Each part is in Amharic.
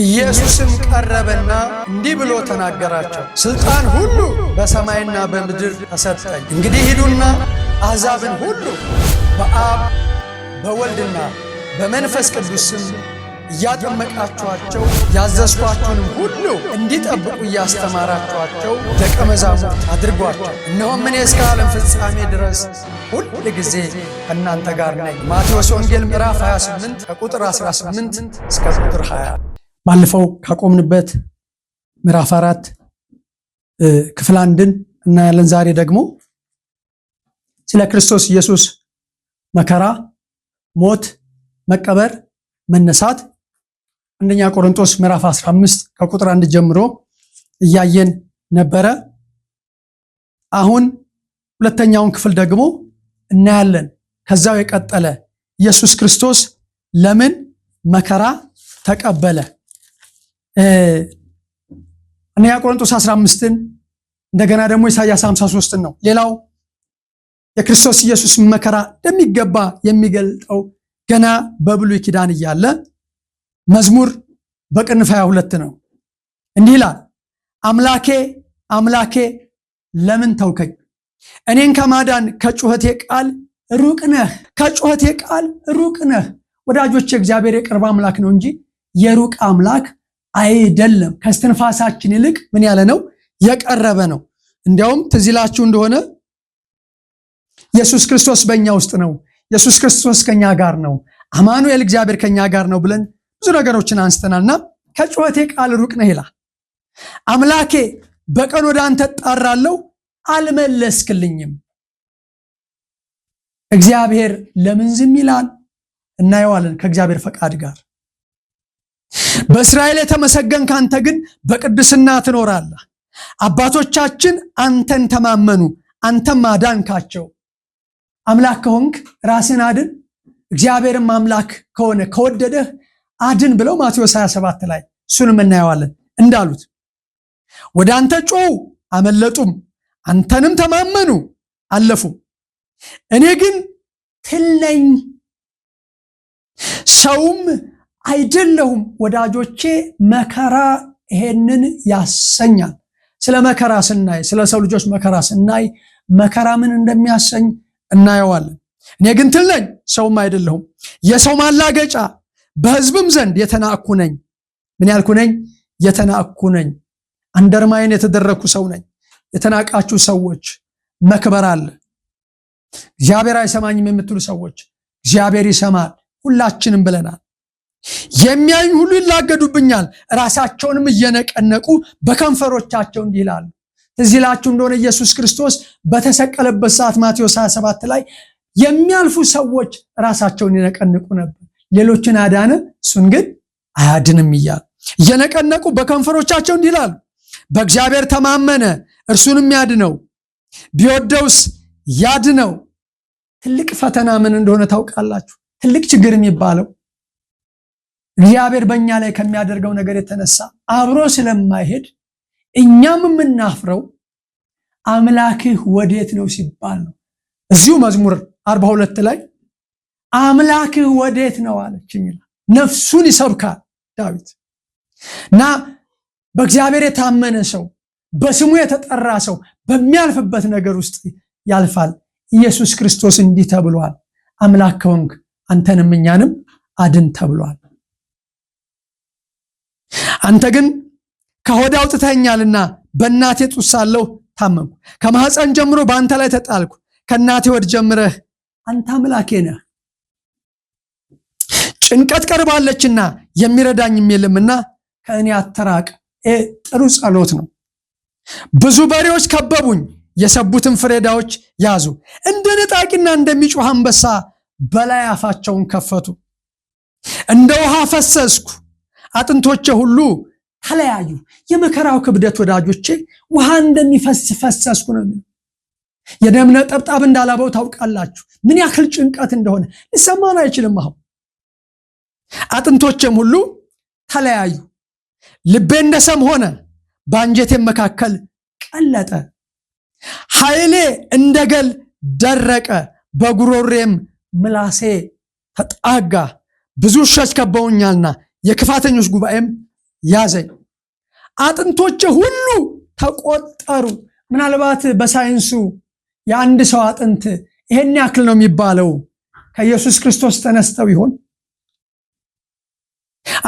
ኢየሱስም ቀረበና እንዲህ ብሎ ተናገራቸው፣ ሥልጣን ሁሉ በሰማይና በምድር ተሰጠኝ። እንግዲህ ሂዱና አሕዛብን ሁሉ በአብ በወልድና በመንፈስ ቅዱስ ስም እያጠመቃችኋቸው ያዘዝኳችሁንም ሁሉ እንዲጠብቁ እያስተማራችኋቸው ደቀ መዛሙርት አድርጓቸው። እነሆም እኔ እስከ ዓለም ፍጻሜ ድረስ ሁል ጊዜ ከእናንተ ጋር ነኝ። ማቴዎስ ወንጌል ምዕራፍ 28 ከቁጥር 18 እስከ ቁጥር 20 ባለፈው ካቆምንበት ምዕራፍ አራት ክፍል አንድን እናያለን። ዛሬ ደግሞ ስለ ክርስቶስ ኢየሱስ መከራ፣ ሞት፣ መቀበር፣ መነሳት አንደኛ ቆሮንቶስ ምዕራፍ 15 ከቁጥር አንድ ጀምሮ እያየን ነበረ። አሁን ሁለተኛውን ክፍል ደግሞ እናያለን። ከዛው የቀጠለ ኢየሱስ ክርስቶስ ለምን መከራ ተቀበለ? አንደኛ ቆሮንቶስ 15ን እንደገና ደግሞ ኢሳያስ 53ን ነው። ሌላው የክርስቶስ ኢየሱስ መከራ እንደሚገባ የሚገልጠው ገና በብሉይ ኪዳን እያለ መዝሙር በቅንፍ 22 ነው። እንዲህ ይላል፣ አምላኬ አምላኬ ለምን ተውከኝ? እኔን ከማዳን ከጩኸቴ ቃል ሩቅ ነህ፣ ከጩኸቴ ቃል ሩቅ ነህ። ወዳጆች፣ እግዚአብሔር የቅርብ አምላክ ነው እንጂ የሩቅ አምላክ አይደለም። ከስትንፋሳችን ይልቅ ምን ያለ ነው? የቀረበ ነው። እንዲያውም ትዝ ይላችሁ እንደሆነ ኢየሱስ ክርስቶስ በእኛ ውስጥ ነው፣ ኢየሱስ ክርስቶስ ከኛ ጋር ነው፣ አማኑኤል እግዚአብሔር ከኛ ጋር ነው ብለን ብዙ ነገሮችን አንስተናልና ከጩኸቴ ቃል ሩቅ ነህ ይላል። አምላኬ በቀን ወደ አንተ እጣራለሁ፣ አልመለስክልኝም። እግዚአብሔር ለምን ዝም ይላል? እናየዋለን ከእግዚአብሔር ፈቃድ ጋር በእስራኤል የተመሰገንክ አንተ ግን በቅድስና ትኖራለህ። አባቶቻችን አንተን ተማመኑ፣ አንተም አዳንካቸው። አምላክ ከሆንክ ራስን አድን። እግዚአብሔርም አምላክ ከሆነ ከወደደህ አድን ብለው ማቴዎስ 27 ላይ እሱንም እናየዋለን እንዳሉት ወደ አንተ ጮው አመለጡም፣ አንተንም ተማመኑ አለፉ። እኔ ግን ትልነኝ ሰውም አይደለሁም ወዳጆቼ። መከራ ይሄንን ያሰኛል። ስለ መከራ ስናይ፣ ስለ ሰው ልጆች መከራ ስናይ መከራ ምን እንደሚያሰኝ እናየዋለን። እኔ ግን ትል ነኝ ሰውም አይደለሁም፣ የሰው ማላገጫ፣ በህዝብም ዘንድ የተናኩ ነኝ። ምን ያልኩ ነኝ? የተናኩ ነኝ። አንደርማይን የተደረግኩ ሰው ነኝ። የተናቃችሁ ሰዎች መክበር አለ። እግዚአብሔር አይሰማኝም የምትሉ ሰዎች እግዚአብሔር ይሰማል። ሁላችንም ብለናል። የሚያዩኝ ሁሉ ይላገዱብኛል፣ ራሳቸውንም እየነቀነቁ በከንፈሮቻቸው እንዲህ ይላሉ። ትዝ ይላችሁ እንደሆነ ኢየሱስ ክርስቶስ በተሰቀለበት ሰዓት ማቴዎስ 27 ላይ የሚያልፉ ሰዎች ራሳቸውን ይነቀንቁ ነበር። ሌሎችን አዳነ፣ እሱን ግን አያድንም እያሉ እየነቀነቁ በከንፈሮቻቸው እንዲህ ይላሉ። በእግዚአብሔር ተማመነ፣ እርሱንም ያድነው፣ ቢወደውስ ያድነው። ትልቅ ፈተና ምን እንደሆነ ታውቃላችሁ? ትልቅ ችግር የሚባለው እግዚአብሔር በእኛ ላይ ከሚያደርገው ነገር የተነሳ አብሮ ስለማይሄድ እኛም የምናፍረው አምላክህ ወዴት ነው ሲባል ነው። እዚሁ መዝሙር አርባ ሁለት ላይ አምላክህ ወዴት ነው አለችኝ ነፍሱን ይሰብካል ዳዊት እና በእግዚአብሔር የታመነ ሰው በስሙ የተጠራ ሰው በሚያልፍበት ነገር ውስጥ ያልፋል። ኢየሱስ ክርስቶስ እንዲህ ተብሏል፣ አምላክ ከሆንክ አንተንም እኛንም አድን ተብሏል። አንተ ግን ከሆድ አውጥተኛልና በእናቴ ጡት ሳለሁ ታመምኩ። ከማህፀን ጀምሮ በአንተ ላይ ተጣልኩ። ከእናቴ ወድ ጀምረህ አንተ አምላኬ ነህ። ጭንቀት ቀርባለችና የሚረዳኝም የለምና ከእኔ አተራቅ። ጥሩ ጸሎት ነው። ብዙ በሬዎች ከበቡኝ፣ የሰቡትን ፍሬዳዎች ያዙ። እንደ ነጣቂና እንደሚጮህ አንበሳ በላይ አፋቸውን ከፈቱ። እንደ ውሃ ፈሰስኩ አጥንቶቼ ሁሉ ተለያዩ። የመከራው ክብደት ወዳጆቼ ውሃ እንደሚፈስ ፈሰስኩ ነው የሚለው። የደም ነጠብጣብ እንዳላበው ታውቃላችሁ፣ ምን ያክል ጭንቀት እንደሆነ ሊሰማን አይችልም። አሁን አጥንቶቼም ሁሉ ተለያዩ፣ ልቤ እንደ ሰም ሆነ፣ በአንጀቴም መካከል ቀለጠ፣ ኃይሌ እንደ ገል ደረቀ፣ በጉሮሬም ምላሴ ተጣጋ። ብዙ ውሾች ከበውኛልና የክፋተኞች ጉባኤም ያዘኝ፣ አጥንቶች ሁሉ ተቆጠሩ። ምናልባት በሳይንሱ የአንድ ሰው አጥንት ይሄን ያክል ነው የሚባለው ከኢየሱስ ክርስቶስ ተነስተው ይሆን?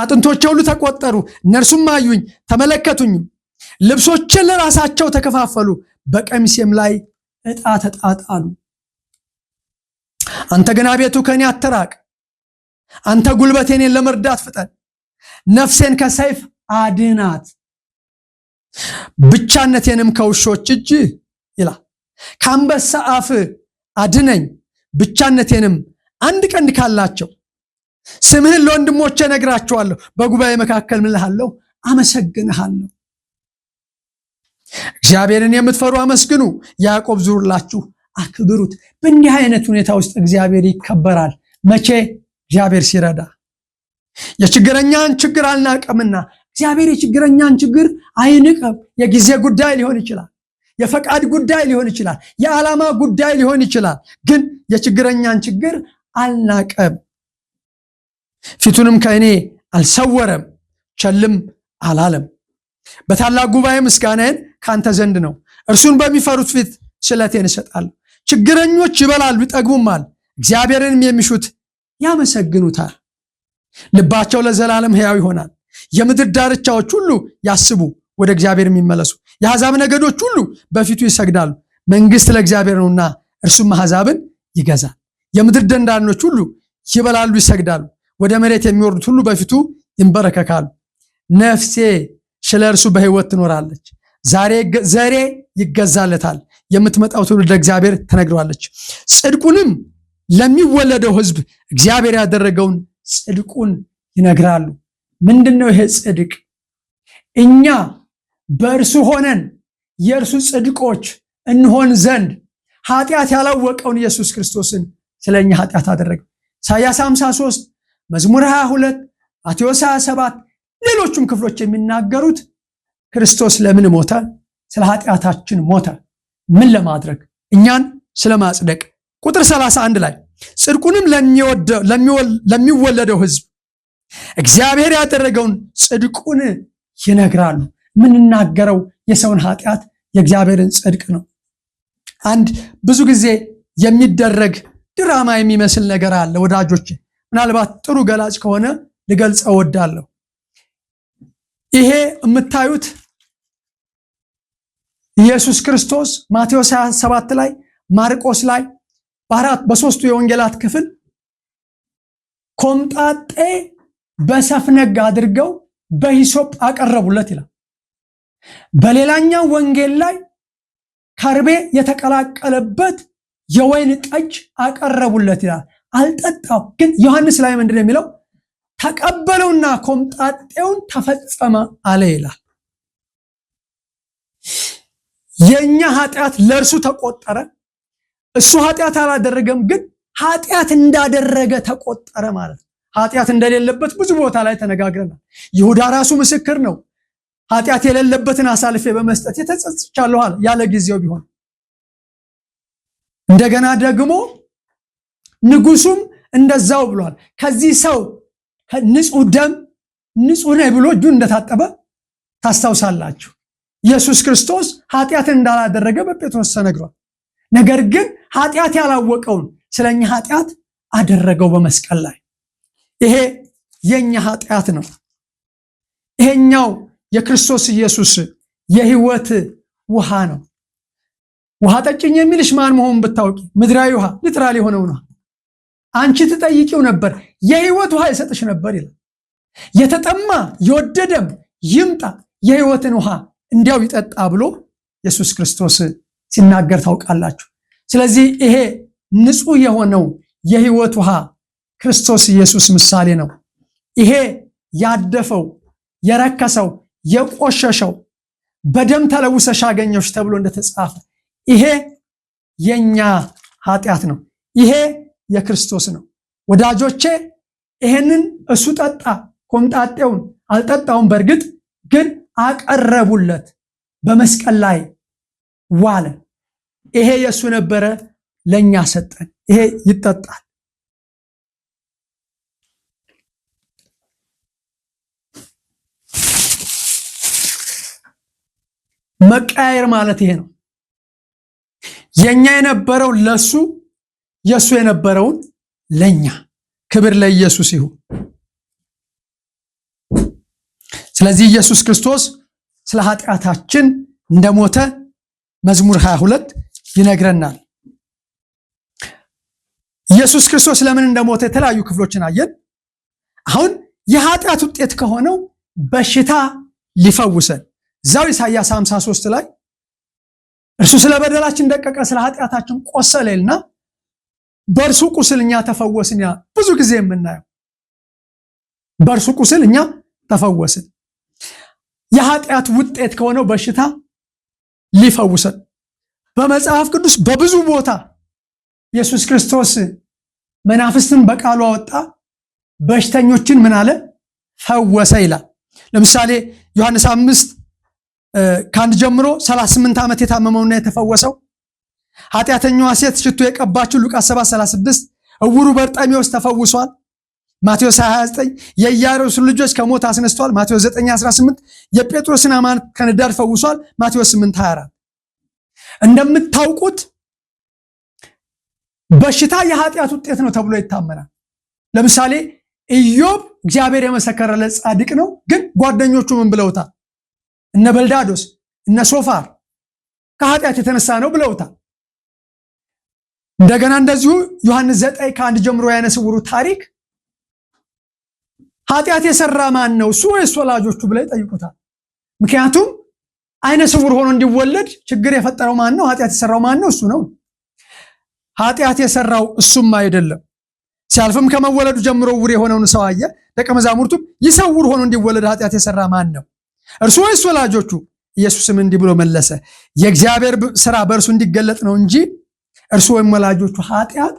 አጥንቶቼ ሁሉ ተቆጠሩ፣ እነርሱም አዩኝ ተመለከቱኝ። ልብሶች ለራሳቸው ተከፋፈሉ፣ በቀሚሴም ላይ እጣ ተጣጣሉ። አንተ ግን አቤቱ ከእኔ አትራቅ፣ አንተ ጉልበቴን ለመርዳት ፍጠን። ነፍሴን ከሰይፍ አድናት ብቻነቴንም ከውሾች እጅ ይላል። ከአንበሳ አፍ አድነኝ ብቻነቴንም አንድ ቀንድ ካላቸው። ስምህን ለወንድሞቼ ነግራቸዋለሁ፣ በጉባኤ መካከል ምን አመሰግንሃለሁ። እግዚአብሔርን የምትፈሩ አመስግኑ፣ ያዕቆብ ዙሩላችሁ አክብሩት። በእንዲህ አይነት ሁኔታ ውስጥ እግዚአብሔር ይከበራል። መቼ? እግዚአብሔር ሲረዳ የችግረኛን ችግር አልናቀምና እግዚአብሔር የችግረኛን ችግር አይንቅም። የጊዜ ጉዳይ ሊሆን ይችላል። የፈቃድ ጉዳይ ሊሆን ይችላል። የዓላማ ጉዳይ ሊሆን ይችላል። ግን የችግረኛን ችግር አልናቀም፣ ፊቱንም ከእኔ አልሰወረም፣ ቸልም አላለም። በታላቅ ጉባኤ ምስጋናዬን ከአንተ ዘንድ ነው፣ እርሱን በሚፈሩት ፊት ስለቴን እሰጣለሁ። ችግረኞች ይበላሉ ይጠግቡማል፣ እግዚአብሔርንም የሚሹት ያመሰግኑታል። ልባቸው ለዘላለም ሕያው ይሆናል። የምድር ዳርቻዎች ሁሉ ያስቡ፣ ወደ እግዚአብሔር የሚመለሱ የአሕዛብ ነገዶች ሁሉ በፊቱ ይሰግዳሉ። መንግስት ለእግዚአብሔር ነውና እርሱም አሕዛብን ይገዛል። የምድር ደንዳኖች ሁሉ ይበላሉ፣ ይሰግዳሉ። ወደ መሬት የሚወርዱት ሁሉ በፊቱ ይንበረከካሉ። ነፍሴ ስለ እርሱ በሕይወት ትኖራለች። ዛሬ ዘሬ ይገዛለታል። የምትመጣው ትውልድ እግዚአብሔር ተነግሯለች። ጽድቁንም ለሚወለደው ሕዝብ እግዚአብሔር ያደረገውን ጽድቁን ይነግራሉ። ምንድን ነው ይሄ ጽድቅ? እኛ በእርሱ ሆነን የእርሱ ጽድቆች እንሆን ዘንድ ኃጢአት ያላወቀውን ኢየሱስ ክርስቶስን ስለ እኛ ኃጢአት አደረገ። ኢሳያስ 53፣ መዝሙር 22፣ ማቴዎስ 27 ሌሎቹም ክፍሎች የሚናገሩት ክርስቶስ ለምን ሞተ? ስለ ኃጢአታችን ሞተ። ምን ለማድረግ? እኛን ስለማጽደቅ። ቁጥር 31 ላይ ጽድቁንም ለሚወለደው ህዝብ እግዚአብሔር ያደረገውን ጽድቁን ይነግራሉ። የምንናገረው የሰውን ኃጢአት የእግዚአብሔርን ጽድቅ ነው። አንድ ብዙ ጊዜ የሚደረግ ድራማ የሚመስል ነገር አለ ወዳጆች፣ ምናልባት ጥሩ ገላጭ ከሆነ ልገልጸ ወዳለሁ። ይሄ የምታዩት ኢየሱስ ክርስቶስ ማቴዎስ 27 ላይ ማርቆስ ላይ በአራት በሶስቱ የወንጌላት ክፍል ኮምጣጤ በሰፍነግ አድርገው በሂሶጵ አቀረቡለት ይላል። በሌላኛው ወንጌል ላይ ከርቤ የተቀላቀለበት የወይን ጠጅ አቀረቡለት ይላል። አልጠጣው ግን ዮሐንስ ላይ ምንድን የሚለው? ተቀበለውና ኮምጣጤውን ተፈጸመ አለ ይላል። የእኛ ኃጢአት ለእርሱ ተቆጠረ። እሱ ኃጢአት አላደረገም፣ ግን ኃጢአት እንዳደረገ ተቆጠረ ማለት ነው። ኃጢአት እንደሌለበት ብዙ ቦታ ላይ ተነጋግረናል። ይሁዳ ራሱ ምስክር ነው። ኃጢአት የሌለበትን አሳልፌ በመስጠት የተጸጽቻለሁ ያለ ጊዜው ቢሆን እንደገና ደግሞ ንጉሱም እንደዛው ብሏል። ከዚህ ሰው ንጹህ ደም ንጹህ ነኝ ብሎ እጁን እንደታጠበ ታስታውሳላችሁ። ኢየሱስ ክርስቶስ ኃጢአትን እንዳላደረገ በጴጥሮስ ተነግሯል። ነገር ግን ኃጢአት ያላወቀውን ስለኛ ኃጢአት አደረገው በመስቀል ላይ። ይሄ የኛ ኃጢአት ነው። ይሄኛው የክርስቶስ ኢየሱስ የህይወት ውሃ ነው። ውሃ ጠጭኝ የሚልሽ ማን መሆኑን ብታውቂ፣ ምድራዊ ውሃ ሊትራል የሆነውን ውሃ አንቺ ትጠይቂው ነበር፣ የህይወት ውሃ ይሰጥሽ ነበር ይላል። የተጠማ የወደደም ይምጣ የህይወትን ውሃ እንዲያው ይጠጣ ብሎ ኢየሱስ ክርስቶስ ሲናገር ታውቃላችሁ። ስለዚህ ይሄ ንጹህ የሆነው የህይወት ውሃ ክርስቶስ ኢየሱስ ምሳሌ ነው። ይሄ ያደፈው፣ የረከሰው፣ የቆሸሸው በደም ተለውሰሽ አገኘሽ ተብሎ እንደተጻፈ ይሄ የኛ ኃጢአት ነው። ይሄ የክርስቶስ ነው። ወዳጆቼ ይሄንን እሱ ጠጣ። ኮምጣጤውን አልጠጣውም፣ በእርግጥ ግን አቀረቡለት፣ በመስቀል ላይ ዋለ። ይሄ የእሱ ነበረ ለእኛ ሰጠን። ይሄ ይጠጣል። መቀያየር ማለት ይሄ ነው። የኛ የነበረው ለሱ የሱ የነበረውን ለኛ። ክብር ለኢየሱስ ይሁን። ስለዚህ ኢየሱስ ክርስቶስ ስለ ኃጢአታችን እንደሞተ መዝሙር 22 ይነግረናል። ኢየሱስ ክርስቶስ ለምን እንደሞተ የተለያዩ ክፍሎችን አየን። አሁን የኃጢአት ውጤት ከሆነው በሽታ ሊፈውሰን እዛው ኢሳያስ 53 ላይ እርሱ ስለ በደላችን ደቀቀ፣ ስለ ኃጢአታችን ቆሰለልና በእርሱ ቁስል እኛ ተፈወስን። ያ ብዙ ጊዜ የምናየው በእርሱ ቁስል እኛ ተፈወስን። የኃጢአት ውጤት ከሆነው በሽታ ሊፈውሰን በመጽሐፍ ቅዱስ በብዙ ቦታ ኢየሱስ ክርስቶስ መናፍስትን በቃሉ አወጣ፣ በሽተኞችን ምን አለ ፈወሰ ይላል። ለምሳሌ ዮሐንስ አምስት ከአንድ ጀምሮ 38 ዓመት የታመመውና የተፈወሰው ኃጢአተኛዋ ሴት ሽቱ የቀባችው ሉቃስ 7 36 እውሩ በርጠሚዎስ ተፈውሷል ማቴዎስ 29 የኢያኢሮስን ልጆች ከሞት አስነስቷል ማቴዎስ 9 18 የጴጥሮስን አማን ከንዳድ ፈውሷል ማቴዎስ 8 24 እንደምታውቁት በሽታ የኃጢአት ውጤት ነው ተብሎ ይታመናል። ለምሳሌ ኢዮብ እግዚአብሔር የመሰከረለት ጻድቅ ነው፣ ግን ጓደኞቹ ምን ብለውታል? እነ በልዳዶስ እነ ሶፋር ከኃጢአት የተነሳ ነው ብለውታል። እንደገና እንደዚሁ ዮሐንስ ዘጠኝ ከአንድ ጀምሮ ያነ ስውሩ ታሪክ ኃጢአት የሰራ ማን ነው እሱ ወይስ ወላጆቹ ብለው ይጠይቁታል። ምክንያቱም አይነ ስውር ሆኖ እንዲወለድ ችግር የፈጠረው ማን ነው? ኃጢአት የሰራው ማን ነው? እሱ ነው። ኃጢአት የሰራው እሱም አይደለም። ሲያልፍም ከመወለዱ ጀምሮ ውር የሆነውን ሰው አየ። ደቀ መዛሙርቱም ይሰውር ሆኖ እንዲወለድ ኃጢአት የሰራ ማን ነው? እርሱ ወይስ ወላጆቹ? ኢየሱስም እንዲህ ብሎ መለሰ፣ የእግዚአብሔር ስራ በእርሱ እንዲገለጥ ነው እንጂ እርሱ ወይም ወላጆቹ ኃጢአት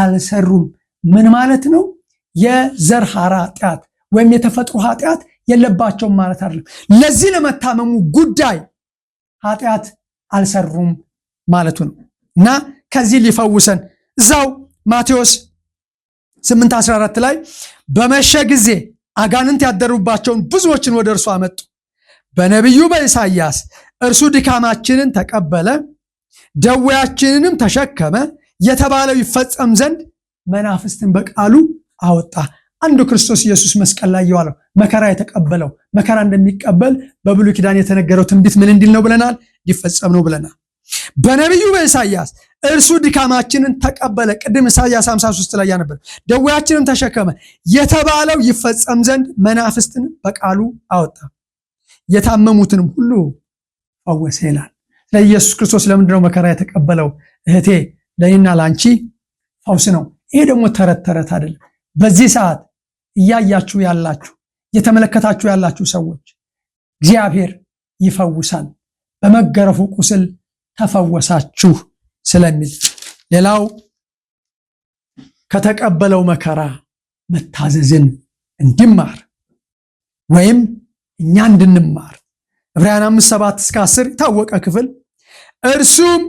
አልሰሩም። ምን ማለት ነው? የዘር ኃጢአት ወይም የተፈጥሮ ኃጢአት የለባቸውም ማለት አይደለም። ለዚህ ለመታመሙ ጉዳይ ኃጢአት አልሰሩም ማለቱ ነው እና ከዚህ ሊፈውሰን እዛው ማቴዎስ 8:14 ላይ በመሸ ጊዜ አጋንንት ያደሩባቸውን ብዙዎችን ወደ እርሱ አመጡ። በነቢዩ በኢሳይያስ እርሱ ድካማችንን ተቀበለ ደዌያችንንም ተሸከመ የተባለው ይፈጸም ዘንድ መናፍስትን በቃሉ አወጣ አንዱ ክርስቶስ ኢየሱስ መስቀል ላይ የዋለው መከራ የተቀበለው መከራ እንደሚቀበል በብሉይ ኪዳን የተነገረው ትንቢት ምን እንዲል ነው ብለናል? ሊፈጸም ነው ብለናል። በነቢዩ በኢሳያስ እርሱ ድካማችንን ተቀበለ። ቅድም ኢሳያስ 53 ላይ ያነበረ ደዌያችንን ተሸከመ የተባለው ይፈጸም ዘንድ መናፍስትን በቃሉ አወጣ፣ የታመሙትንም ሁሉ ፈወሰ ይላል። ለኢየሱስ ክርስቶስ ለምንድነው መከራ የተቀበለው? እህቴ ለእኔና ለአንቺ ፈውስ ነው። ይሄ ደግሞ ተረት ተረት አይደለም። በዚህ ሰዓት እያያችሁ ያላችሁ እየተመለከታችሁ ያላችሁ ሰዎች እግዚአብሔር ይፈውሳል። በመገረፉ ቁስል ተፈወሳችሁ ስለሚል ሌላው ከተቀበለው መከራ መታዘዝን እንዲማር ወይም እኛ እንድንማር ዕብራውያን አምስት ሰባት እስከ አስር የታወቀ ክፍል እርሱም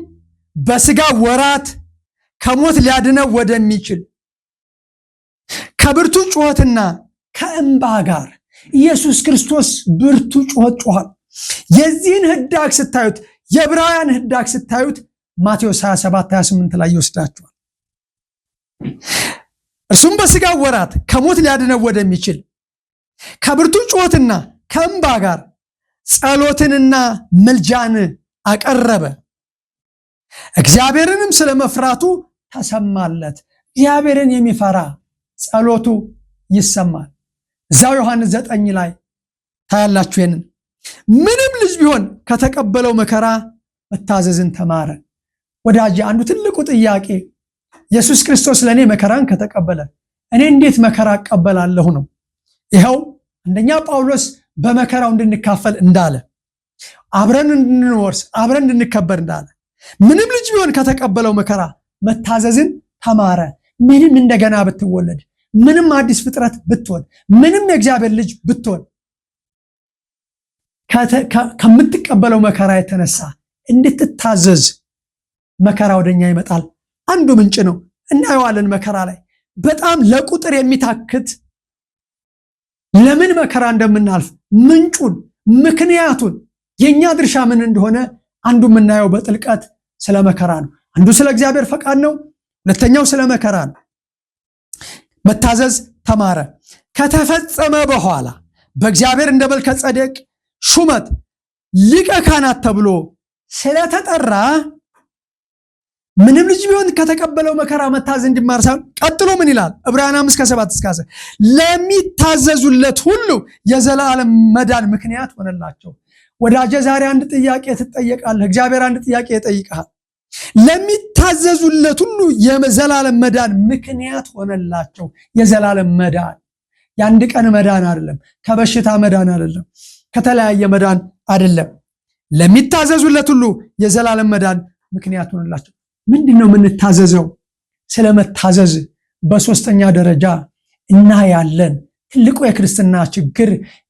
በስጋ ወራት ከሞት ሊያድነው ወደሚችል ከብርቱ ጩኸትና ከእንባ ጋር ኢየሱስ ክርስቶስ ብርቱ ጩኸት ጮኋል። የዚህን ህዳግ ስታዩት የዕብራውያን ህዳግ ስታዩት ማቴዎስ 27 28 ላይ ይወስዳቸዋል። እርሱም በስጋ ወራት ከሞት ሊያድነው ወደሚችል ከብርቱ ጩኸትና ከእንባ ጋር ጸሎትንና ምልጃን አቀረበ። እግዚአብሔርንም ስለ መፍራቱ ተሰማለት። እግዚአብሔርን የሚፈራ ጸሎቱ ይሰማል። እዛው ዮሐንስ ዘጠኝ ላይ ታያላችሁ። ይንን ምንም ልጅ ቢሆን ከተቀበለው መከራ መታዘዝን ተማረ። ወዳጅ አንዱ ትልቁ ጥያቄ ኢየሱስ ክርስቶስ ለእኔ መከራን ከተቀበለ እኔ እንዴት መከራ እቀበላለሁ ነው። ይኸው አንደኛ ጳውሎስ በመከራው እንድንካፈል እንዳለ አብረን እንድንወርስ አብረን እንድንከበር እንዳለ ምንም ልጅ ቢሆን ከተቀበለው መከራ መታዘዝን ተማረ። ምንም እንደገና ብትወለድ፣ ምንም አዲስ ፍጥረት ብትሆን፣ ምንም የእግዚአብሔር ልጅ ብትሆን ከምትቀበለው መከራ የተነሳ እንድትታዘዝ መከራ ወደኛ ይመጣል። አንዱ ምንጭ ነው። እናየዋለን። መከራ ላይ በጣም ለቁጥር የሚታክት ለምን መከራ እንደምናልፍ ምንጩን፣ ምክንያቱን፣ የእኛ ድርሻ ምን እንደሆነ አንዱ የምናየው በጥልቀት ስለ መከራ ነው። አንዱ ስለ እግዚአብሔር ፈቃድ ነው። ሁለተኛው ስለ መከራ ነው። መታዘዝ ተማረ። ከተፈጸመ በኋላ በእግዚአብሔር እንደ መልከ ጸደቅ ሹመት ሊቀ ካናት ተብሎ ስለተጠራ ምንም ልጅ ቢሆን ከተቀበለው መከራ መታዘዝ እንዲማር ሳይሆን ቀጥሎ ምን ይላል? ዕብራውያን አምስት ከሰባት እስከ አስር ለሚታዘዙለት ሁሉ የዘላለም መዳን ምክንያት ሆነላቸው። ወዳጀ ዛሬ አንድ ጥያቄ ትጠየቃለህ። እግዚአብሔር አንድ ጥያቄ ይጠይቀሃል። ለሚታዘዙለት ሁሉ የዘላለም መዳን ምክንያት ሆነላቸው። የዘላለም መዳን የአንድ ቀን መዳን አይደለም። ከበሽታ መዳን አይደለም። ከተለያየ መዳን አይደለም። ለሚታዘዙለት ሁሉ የዘላለም መዳን ምክንያት ሆነላቸው። ምንድን ነው የምንታዘዘው? ስለመታዘዝ በሶስተኛ ደረጃ እና ያለን ትልቁ የክርስትና ችግር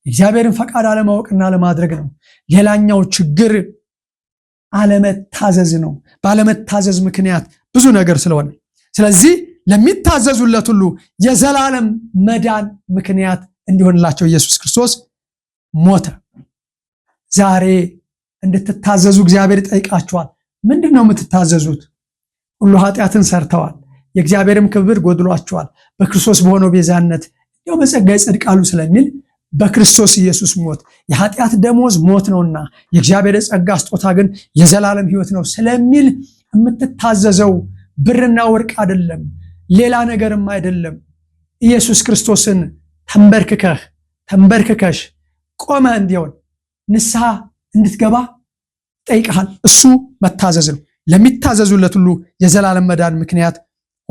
እግዚአብሔርን ፈቃድ አለማወቅና ለማድረግ ነው። ሌላኛው ችግር አለመታዘዝ ነው። ባለመታዘዝ ምክንያት ብዙ ነገር ስለሆነ ስለዚህ ለሚታዘዙለት ሁሉ የዘላለም መዳን ምክንያት እንዲሆንላቸው ኢየሱስ ክርስቶስ ሞተ። ዛሬ እንድትታዘዙ እግዚአብሔር ይጠይቃችኋል። ምንድን ነው የምትታዘዙት? ሁሉ ኃጢአትን ሰርተዋል፣ የእግዚአብሔርም ክብር ጎድሏቸዋል። በክርስቶስ በሆነው ቤዛነት ያው በጸጋ የጽድቃሉ ስለሚል በክርስቶስ ኢየሱስ ሞት የኃጢአት ደሞዝ ሞት ነውና የእግዚአብሔር ጸጋ ስጦታ ግን የዘላለም ሕይወት ነው ስለሚል የምትታዘዘው ብርና ወርቅ አይደለም፣ ሌላ ነገርም አይደለም። ኢየሱስ ክርስቶስን ተንበርክከህ ተንበርክከሽ ቆመ እንዲሆን ንስሐ እንድትገባ ጠይቀሃል። እሱ መታዘዝ ነው። ለሚታዘዙለት ሁሉ የዘላለም መዳን ምክንያት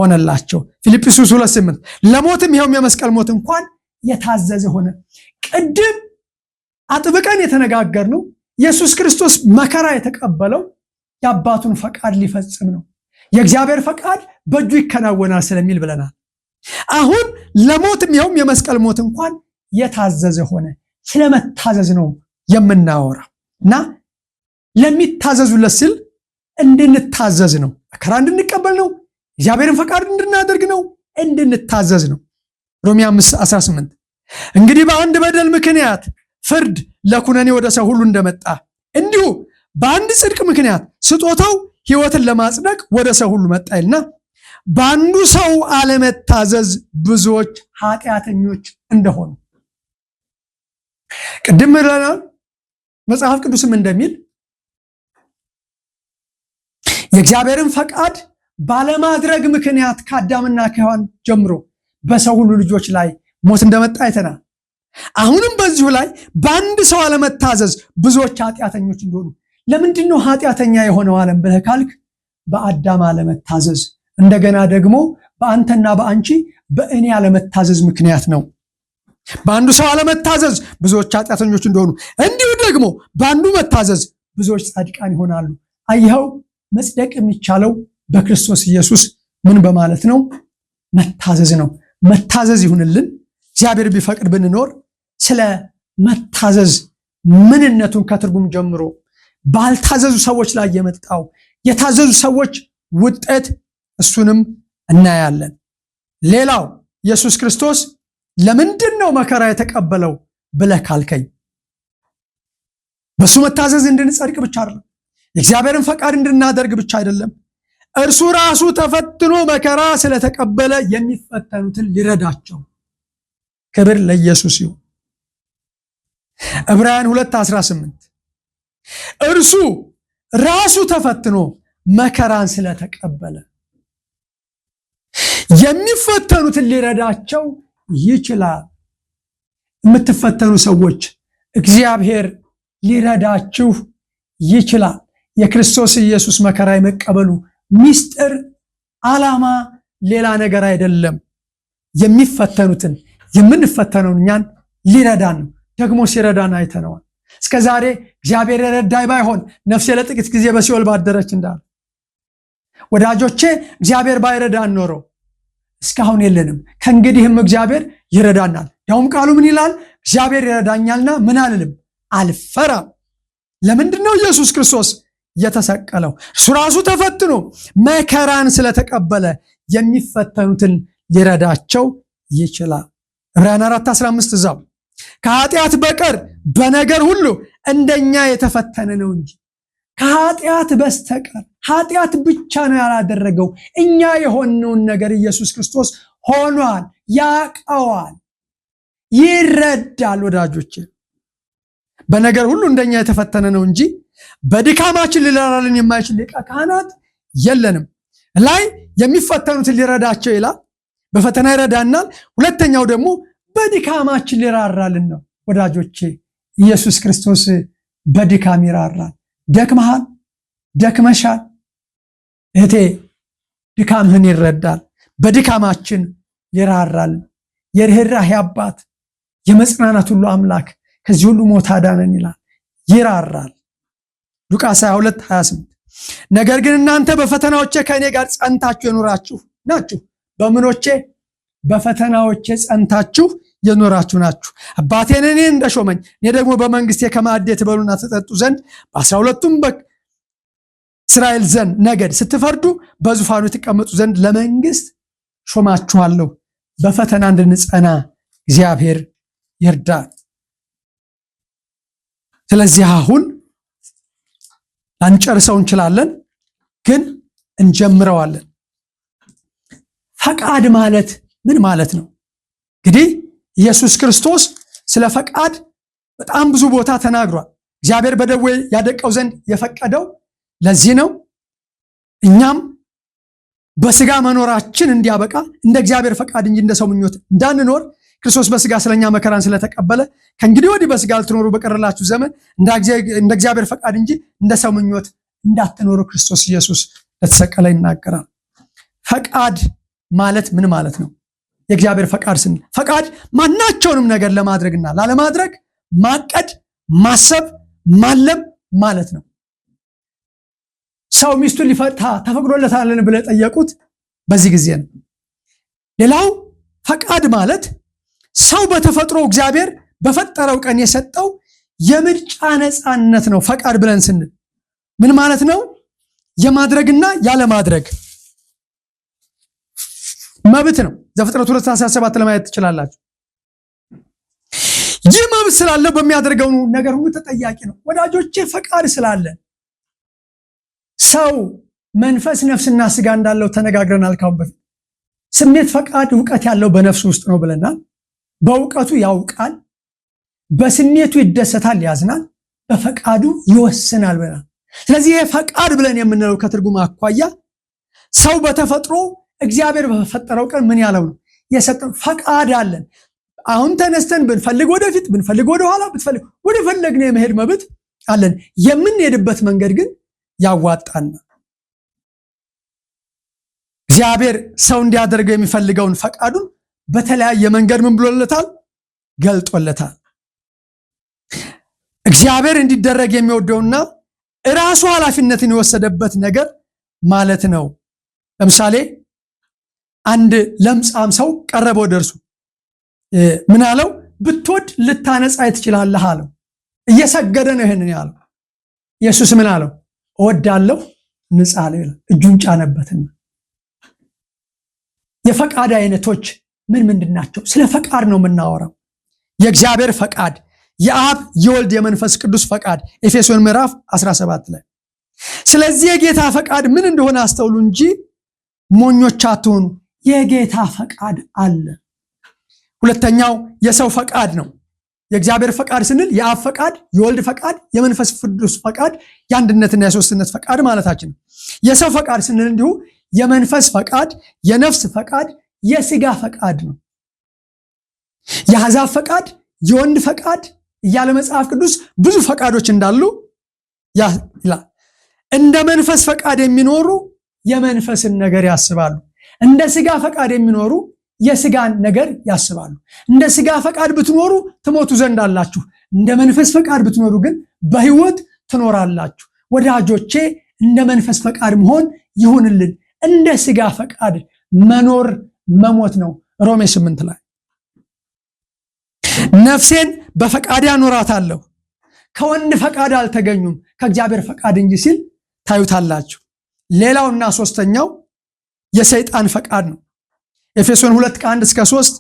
ሆነላቸው። ፊልጵስዩስ 28 ለሞትም ይኸውም የመስቀል ሞት እንኳን የታዘዘ ሆነ። ቅድም አጥብቀን የተነጋገርነው ኢየሱስ ክርስቶስ መከራ የተቀበለው የአባቱን ፈቃድ ሊፈጽም ነው። የእግዚአብሔር ፈቃድ በእጁ ይከናወናል ስለሚል ብለናል። አሁን ለሞትም ይኸውም የመስቀል ሞት እንኳን የታዘዘ ሆነ። ስለመታዘዝ ነው የምናወራ እና ለሚታዘዙለት ስል እንድንታዘዝ ነው። መከራ እንድንቀበል ነው። እግዚአብሔርን ፈቃድ እንድናደርግ ነው። እንድንታዘዝ ነው። ሮሜ 5 18 እንግዲህ በአንድ በደል ምክንያት ፍርድ ለኩነኔ ወደ ሰው ሁሉ እንደመጣ እንዲሁ በአንድ ጽድቅ ምክንያት ስጦታው ሕይወትን ለማጽደቅ ወደ ሰው ሁሉ መጣ ይልና በአንዱ ሰው አለመታዘዝ ብዙዎች ኃጢአተኞች እንደሆኑ ቅድም ብለናል። መጽሐፍ ቅዱስም እንደሚል የእግዚአብሔርን ፈቃድ ባለማድረግ ምክንያት ከአዳምና ከሔዋን ጀምሮ በሰው ሁሉ ልጆች ላይ ሞት እንደመጣ አይተናል። አሁንም በዚሁ ላይ በአንድ ሰው አለመታዘዝ ብዙዎች ኃጢአተኞች እንደሆኑ ለምንድን ነው ኃጢአተኛ የሆነው ዓለም ብለህ ካልክ በአዳም አለመታዘዝ እንደገና ደግሞ በአንተና በአንቺ በእኔ አለመታዘዝ ምክንያት ነው። በአንዱ ሰው አለመታዘዝ ብዙዎች ኃጢአተኞች እንደሆኑ እንዲሁ ደግሞ በአንዱ መታዘዝ ብዙዎች ጻድቃን ይሆናሉ። አይኸው መጽደቅ የሚቻለው በክርስቶስ ኢየሱስ ምን በማለት ነው? መታዘዝ ነው። መታዘዝ ይሁንልን። እግዚአብሔር ቢፈቅድ ብንኖር ስለ መታዘዝ ምንነቱን ከትርጉም ጀምሮ ባልታዘዙ ሰዎች ላይ የመጣው የታዘዙ ሰዎች ውጤት እሱንም እናያለን። ሌላው ኢየሱስ ክርስቶስ ለምንድን ነው መከራ የተቀበለው ብለህ ካልከኝ በእሱ መታዘዝ እንድንጸድቅ ብቻ አይደለም፣ የእግዚአብሔርን ፈቃድ እንድናደርግ ብቻ አይደለም እርሱ ራሱ ተፈትኖ መከራ ስለተቀበለ የሚፈተኑትን ሊረዳቸው። ክብር ለኢየሱስ ይሁን። ዕብራውያን 2:18 እርሱ ራሱ ተፈትኖ መከራን ስለተቀበለ የሚፈተኑትን ሊረዳቸው ይችላል። የምትፈተኑ ሰዎች እግዚአብሔር ሊረዳችሁ ይችላል። የክርስቶስ ኢየሱስ መከራ የመቀበሉ ሚስጥር፣ ዓላማ ሌላ ነገር አይደለም። የሚፈተኑትን የምንፈተነውን እኛን ሊረዳን ነው። ደግሞ ሲረዳን አይተነዋል። እስከ ዛሬ እግዚአብሔር የረዳይ ባይሆን ነፍሴ ለጥቂት ጊዜ በሲኦል ባደረች እንዳለ ወዳጆቼ፣ እግዚአብሔር ባይረዳን ኖሮ እስካሁን የለንም። ከእንግዲህም እግዚአብሔር ይረዳናል። ያውም ቃሉ ምን ይላል? እግዚአብሔር ይረዳኛልና ምን አልልም፣ አልፈራም። ለምንድን ነው ኢየሱስ ክርስቶስ የተሰቀለው እሱ ራሱ ተፈትኖ መከራን ስለተቀበለ የሚፈተኑትን ሊረዳቸው ይችላል። ዕብራውያን 4 15 እዛው ከኃጢአት በቀር በነገር ሁሉ እንደኛ የተፈተነ ነው እንጂ ከኃጢአት በስተቀር ኃጢአት ብቻ ነው ያላደረገው። እኛ የሆነውን ነገር ኢየሱስ ክርስቶስ ሆኗል፣ ያቀዋል፣ ይረዳል። ወዳጆች በነገር ሁሉ እንደኛ የተፈተነ ነው እንጂ በድካማችን ሊራራልን የማይችል ሊቀ ካህናት የለንም። ላይ የሚፈተኑትን ሊረዳቸው ይላል። በፈተና ይረዳናል። ሁለተኛው ደግሞ በድካማችን ሊራራልን ነው። ወዳጆቼ ኢየሱስ ክርስቶስ በድካም ይራራል። ደክመሃል፣ ደክመሻል፣ እህቴ ድካምህን ይረዳል። በድካማችን ይራራልን። የርኅራኄ አባት፣ የመጽናናት ሁሉ አምላክ ከዚህ ሁሉ ሞት አዳነን ይላል። ይራራል። ሉቃስ 22 28 ነገር ግን እናንተ በፈተናዎቼ ከእኔ ጋር ጸንታችሁ የኖራችሁ ናችሁ። በምኖቼ በፈተናዎቼ ጸንታችሁ የኖራችሁ ናችሁ። አባቴን እኔ እንደሾመኝ እኔ ደግሞ በመንግስቴ ከማዕዴ ትበሉና ትጠጡ ዘንድ በአስራ ሁለቱም በእስራኤል ዘንድ ነገድ ስትፈርዱ በዙፋኑ የተቀመጡ ዘንድ ለመንግስት ሾማችኋለሁ። በፈተና እንድንጸና እግዚአብሔር ይርዳ ስለዚህ አሁን ላንጨርሰው እንችላለን፣ ግን እንጀምረዋለን። ፈቃድ ማለት ምን ማለት ነው? እንግዲህ ኢየሱስ ክርስቶስ ስለ ፈቃድ በጣም ብዙ ቦታ ተናግሯል። እግዚአብሔር በደዌ ያደቀው ዘንድ የፈቀደው ለዚህ ነው። እኛም በስጋ መኖራችን እንዲያበቃ እንደ እግዚአብሔር ፈቃድ እንጂ እንደ ሰው ምኞት እንዳንኖር ክርስቶስ በስጋ ስለኛ መከራን ስለተቀበለ ከእንግዲህ ወዲህ በስጋ ልትኖሩ በቀረላችሁ ዘመን እንደ እግዚአብሔር ፈቃድ እንጂ እንደ ሰው ምኞት እንዳትኖሩ ክርስቶስ ኢየሱስ ለተሰቀለ ይናገራል። ፈቃድ ማለት ምን ማለት ነው? የእግዚአብሔር ፈቃድ ስንል ፈቃድ ማናቸውንም ነገር ለማድረግና ላለማድረግ ማቀድ፣ ማሰብ፣ ማለም ማለት ነው። ሰው ሚስቱን ሊፈታ ተፈቅዶለታልን ብለው የጠየቁት በዚህ ጊዜ ነው። ሌላው ፈቃድ ማለት ሰው በተፈጥሮ እግዚአብሔር በፈጠረው ቀን የሰጠው የምርጫ ነፃነት ነው። ፈቃድ ብለን ስንል ምን ማለት ነው? የማድረግና ያለማድረግ መብት ነው። ዘፍጥረት 2፡17 ለማየት ትችላላችሁ። ይህ መብት ስላለው በሚያደርገው ነገር ሁሉ ተጠያቂ ነው። ወዳጆቼ ፈቃድ ስላለ ሰው መንፈስ፣ ነፍስና ስጋ እንዳለው ተነጋግረናል ካሁን በፊት። ስሜት፣ ፈቃድ፣ እውቀት ያለው በነፍስ ውስጥ ነው ብለናል። በእውቀቱ ያውቃል፣ በስሜቱ ይደሰታል፣ ያዝናል፣ በፈቃዱ ይወስናል ብለናል። ስለዚህ ይሄ ፈቃድ ብለን የምንለው ከትርጉም አኳያ ሰው በተፈጥሮ እግዚአብሔር በፈጠረው ቀን ምን ያለው ነው የሰጠን ፈቃድ አለን። አሁን ተነስተን ብንፈልግ ወደፊት፣ ብንፈልግ ወደኋላ፣ ብትፈልግ ወደ ፈለግነው የመሄድ መብት አለን። የምንሄድበት መንገድ ግን ያዋጣና እግዚአብሔር ሰው እንዲያደርገው የሚፈልገውን ፈቃዱን በተለያየ መንገድ ምን ብሎለታል? ገልጦለታል። እግዚአብሔር እንዲደረግ የሚወደውና እራሱ ኃላፊነትን የወሰደበት ነገር ማለት ነው። ለምሳሌ አንድ ለምጻም ሰው ቀረበ፣ ወደ እርሱ ምን አለው? ብትወድ ልታነጻ ትችላለህ አለው። እየሰገደ ነው ይህንን ያለው። ኢየሱስ ምን አለው? እወዳለሁ ንጻ አለው። እጁን ጫነበትና የፈቃድ አይነቶች ምን ምንድን ናቸው? ስለ ፈቃድ ነው የምናወራው። የእግዚአብሔር ፈቃድ፣ የአብ የወልድ የመንፈስ ቅዱስ ፈቃድ ኤፌሶን ምዕራፍ 17 ላይ። ስለዚህ የጌታ ፈቃድ ምን እንደሆነ አስተውሉ እንጂ ሞኞች አትሆኑ። የጌታ ፈቃድ አለ። ሁለተኛው የሰው ፈቃድ ነው። የእግዚአብሔር ፈቃድ ስንል የአብ ፈቃድ፣ የወልድ ፈቃድ፣ የመንፈስ ቅዱስ ፈቃድ፣ የአንድነትና የሶስትነት ፈቃድ ማለታችን ነው። የሰው ፈቃድ ስንል እንዲሁ የመንፈስ ፈቃድ፣ የነፍስ ፈቃድ፣ የስጋ ፈቃድ ነው። የአሕዛብ ፈቃድ፣ የወንድ ፈቃድ እያለ መጽሐፍ ቅዱስ ብዙ ፈቃዶች እንዳሉ ይላል። እንደ መንፈስ ፈቃድ የሚኖሩ የመንፈስን ነገር ያስባሉ። እንደ ስጋ ፈቃድ የሚኖሩ የስጋን ነገር ያስባሉ። እንደ ስጋ ፈቃድ ብትኖሩ ትሞቱ ዘንድ አላችሁ፣ እንደ መንፈስ ፈቃድ ብትኖሩ ግን በሕይወት ትኖራላችሁ። ወዳጆቼ እንደ መንፈስ ፈቃድ መሆን ይሁንልን። እንደ ስጋ ፈቃድ መኖር መሞት ነው። ሮሜ ስምንት ላይ ነፍሴን በፈቃድ አኖራታለሁ፣ ከወንድ ፈቃድ አልተገኙም ከእግዚአብሔር ፈቃድ እንጂ ሲል ታዩታላችሁ። ሌላውና ሶስተኛው የሰይጣን ፈቃድ ነው። ኤፌሶን ሁለት ከአንድ እስከ ሶስት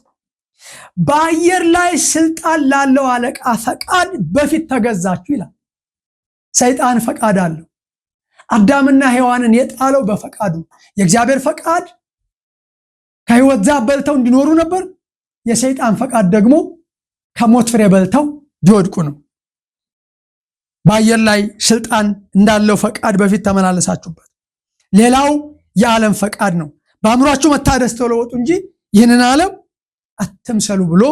በአየር ላይ ስልጣን ላለው አለቃ ፈቃድ በፊት ተገዛችሁ ይላል። ሰይጣን ፈቃድ አለው። አዳምና ሔዋንን የጣለው በፈቃዱ የእግዚአብሔር ፈቃድ ከህይወት ዛፍ በልተው እንዲኖሩ ነበር። የሰይጣን ፈቃድ ደግሞ ከሞት ፍሬ በልተው ዲወድቁ ነው። በአየር ላይ ስልጣን እንዳለው ፈቃድ በፊት ተመላለሳችሁበት። ሌላው የዓለም ፈቃድ ነው። በአእምሯችሁ መታደስ ተለወጡ እንጂ ይህንን ዓለም አትምሰሉ ብሎ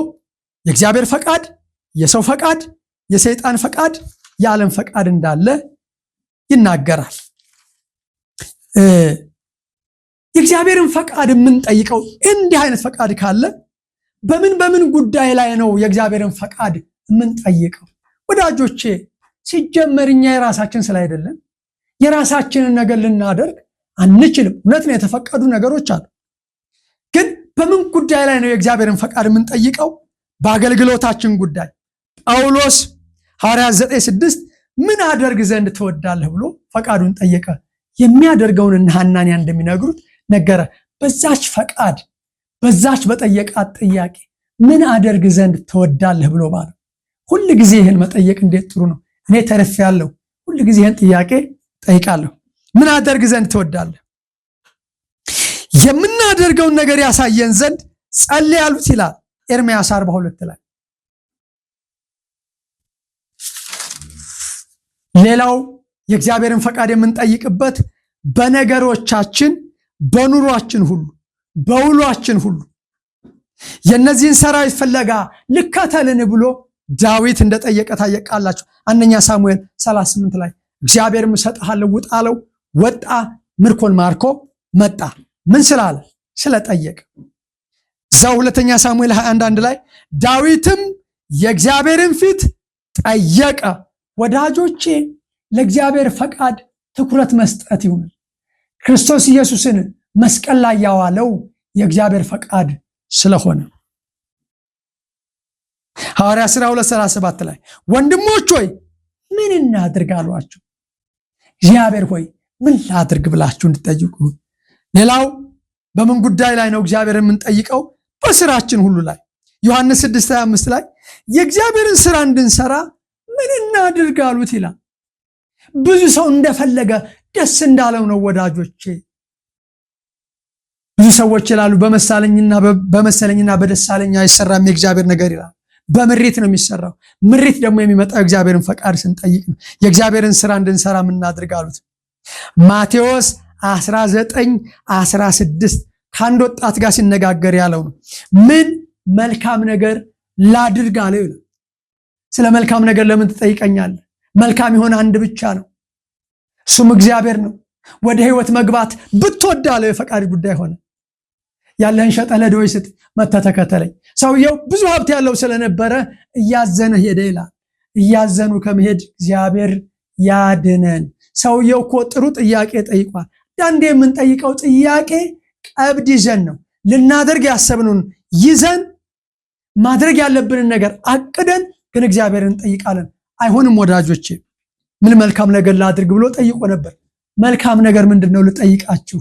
የእግዚአብሔር ፈቃድ፣ የሰው ፈቃድ፣ የሰይጣን ፈቃድ፣ የዓለም ፈቃድ እንዳለ ይናገራል። የእግዚአብሔርን ፈቃድ የምንጠይቀው እንዲህ አይነት ፈቃድ ካለ በምን በምን ጉዳይ ላይ ነው የእግዚአብሔርን ፈቃድ የምንጠይቀው? ወዳጆቼ ሲጀመር እኛ የራሳችን ስላይደለን የራሳችንን ነገር ልናደርግ አንችልም። እውነት ነው፣ የተፈቀዱ ነገሮች አሉ። ግን በምን ጉዳይ ላይ ነው የእግዚአብሔርን ፈቃድ የምንጠይቀው? በአገልግሎታችን ጉዳይ ጳውሎስ ሐዋርያት 9፥6 ምን አደርግ ዘንድ ትወዳለህ ብሎ ፈቃዱን ጠየቀ። የሚያደርገውን እነ ሐናንያ እንደሚነግሩት ነገረ። በዛች ፈቃድ በዛች በጠየቃት ጥያቄ ምን አደርግ ዘንድ ትወዳለህ ብሎ ባለው ሁል ጊዜ ይህን መጠየቅ እንዴት ጥሩ ነው። እኔ ተረፍ ያለው ሁል ጊዜ ይህን ጥያቄ ጠይቃለሁ። ምን አደርግ ዘንድ ትወዳለህ? የምናደርገውን ነገር ያሳየን ዘንድ ጸል ያሉት ይላል ኤርምያስ ሁለት ላይ። ሌላው የእግዚአብሔርን ፈቃድ የምንጠይቅበት በነገሮቻችን በኑሯችን ሁሉ በውሏችን ሁሉ የእነዚህን ሰራዊት ፍለጋ ልከተልን ብሎ ዳዊት እንደጠየቀ ታየቃላችሁ። አንደኛ ሳሙኤል 38 ላይ እግዚአብሔርም እሰጥሃለሁ ውጣ አለው። ወጣ፣ ምርኮን ማርኮ መጣ። ምን ስላለ? ስለጠየቀ። እዛው ሁለተኛ ሳሙኤል 21 ላይ ዳዊትም የእግዚአብሔርን ፊት ጠየቀ። ወዳጆቼ ለእግዚአብሔር ፈቃድ ትኩረት መስጠት ይሁን። ክርስቶስ ኢየሱስን መስቀል ላይ ያዋለው የእግዚአብሔር ፈቃድ ስለሆነ ሐዋርያ ሥራ 2፥37 ላይ ወንድሞች ሆይ ምን እናድርግ አሏቸው፣ እግዚአብሔር ሆይ ምን ላድርግ ብላችሁ እንድጠይቁ። ሌላው በምን ጉዳይ ላይ ነው እግዚአብሔር የምንጠይቀው? በስራችን ሁሉ ላይ ዮሐንስ 6:25 ላይ የእግዚአብሔርን ስራ እንድንሰራ ምን እናድርግ አሉት ይላል። ብዙ ሰው እንደፈለገ ደስ እንዳለው ነው ወዳጆቼ። ብዙ ሰዎች ይላሉ በመሰለኝና በደሳለኝ አይሰራም የእግዚአብሔር ነገር ይላል። በምሬት ነው የሚሰራው። ምሬት ደግሞ የሚመጣው የእግዚአብሔርን ፈቃድ ስንጠይቅ ነው። የእግዚአብሔርን ስራ እንድንሰራ የምናድርግ አሉት። ማቴዎስ 19 16 ከአንድ ወጣት ጋር ሲነጋገር ያለው ነው። ምን መልካም ነገር ላድርግ አለው ይላል። ስለ መልካም ነገር ለምን ትጠይቀኛለህ? መልካም የሆነ አንድ ብቻ ነው። እሱም እግዚአብሔር ነው። ወደ ህይወት መግባት ብትወድ አለው የፈቃድ ጉዳይ ሆነ። ያለህን ሸጠህ ለድሆች ስጥ፣ መጥተህ ተከተለኝ። ሰውየው ብዙ ሀብት ያለው ስለነበረ እያዘነ ሄደ ይላል። እያዘኑ ከመሄድ እግዚአብሔር ያድነን። ሰውየው እኮ ጥሩ ጥያቄ ጠይቋል። አንዳንዴ የምንጠይቀው ጥያቄ ቀብድ ይዘን ነው። ልናደርግ ያሰብኑን ይዘን ማድረግ ያለብንን ነገር አቅደን ግን እግዚአብሔርን እንጠይቃለን። አይሆንም ወዳጆቼ። ምን መልካም ነገር ላድርግ ብሎ ጠይቆ ነበር። መልካም ነገር ምንድን ነው ልጠይቃችሁ?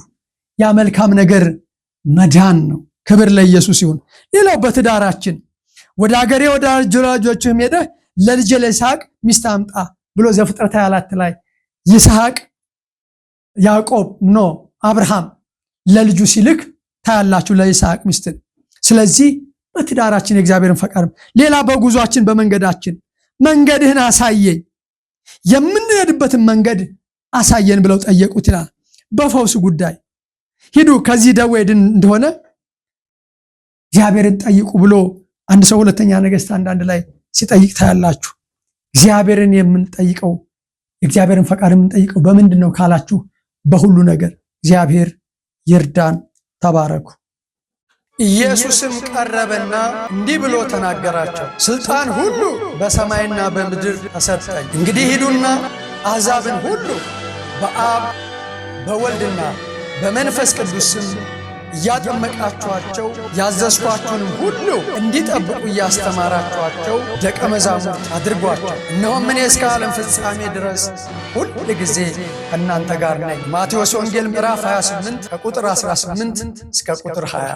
ያ መልካም ነገር መዳን ነው። ክብር ለኢየሱስ ይሁን። ሌላው በትዳራችን ወደ አገሬ ወደ ወዳጆችህም ሄደህ ለልጄ ለይስሐቅ ሚስት አምጣ ብሎ ዘፍጥረት 24 ላይ ይስሐቅ ያዕቆብ ኖ አብርሃም ለልጁ ሲልክ ታያላችሁ ለይስሐቅ ሚስትን። ስለዚህ በትዳራችን የእግዚአብሔርን ፈቃድ ሌላ በጉዟችን በመንገዳችን መንገድህን አሳየኝ የምንሄድበትን መንገድ አሳየን ብለው ጠየቁት ይላል። በፈውስ ጉዳይ ሂዱ ከዚህ ደዌ ድን እንደሆነ እግዚአብሔርን ጠይቁ ብሎ አንድ ሰው ሁለተኛ ነገሥት አንዳንድ ላይ ሲጠይቅ ታያላችሁ። እግዚአብሔርን የምንጠይቀው እግዚአብሔርን ፈቃድ የምንጠይቀው በምንድን ነው ካላችሁ፣ በሁሉ ነገር እግዚአብሔር ይርዳን። ተባረኩ። ኢየሱስም ቀረበና እንዲህ ብሎ ተናገራቸው፣ ሥልጣን ሁሉ በሰማይና በምድር ተሰጠኝ። እንግዲህ ሂዱና አሕዛብን ሁሉ በአብ በወልድና በመንፈስ ቅዱስ ስም እያጠመቃችኋቸው ያዘዝኳችሁንም ሁሉ እንዲጠብቁ እያስተማራችኋቸው ደቀ መዛሙርት አድርጓቸው። እነሆም እኔ እስከ ዓለም ፍጻሜ ድረስ ሁል ጊዜ ከእናንተ ጋር ነኝ። ማቴዎስ ወንጌል ምዕራፍ 28 ከቁጥር 18 እስከ ቁጥር 20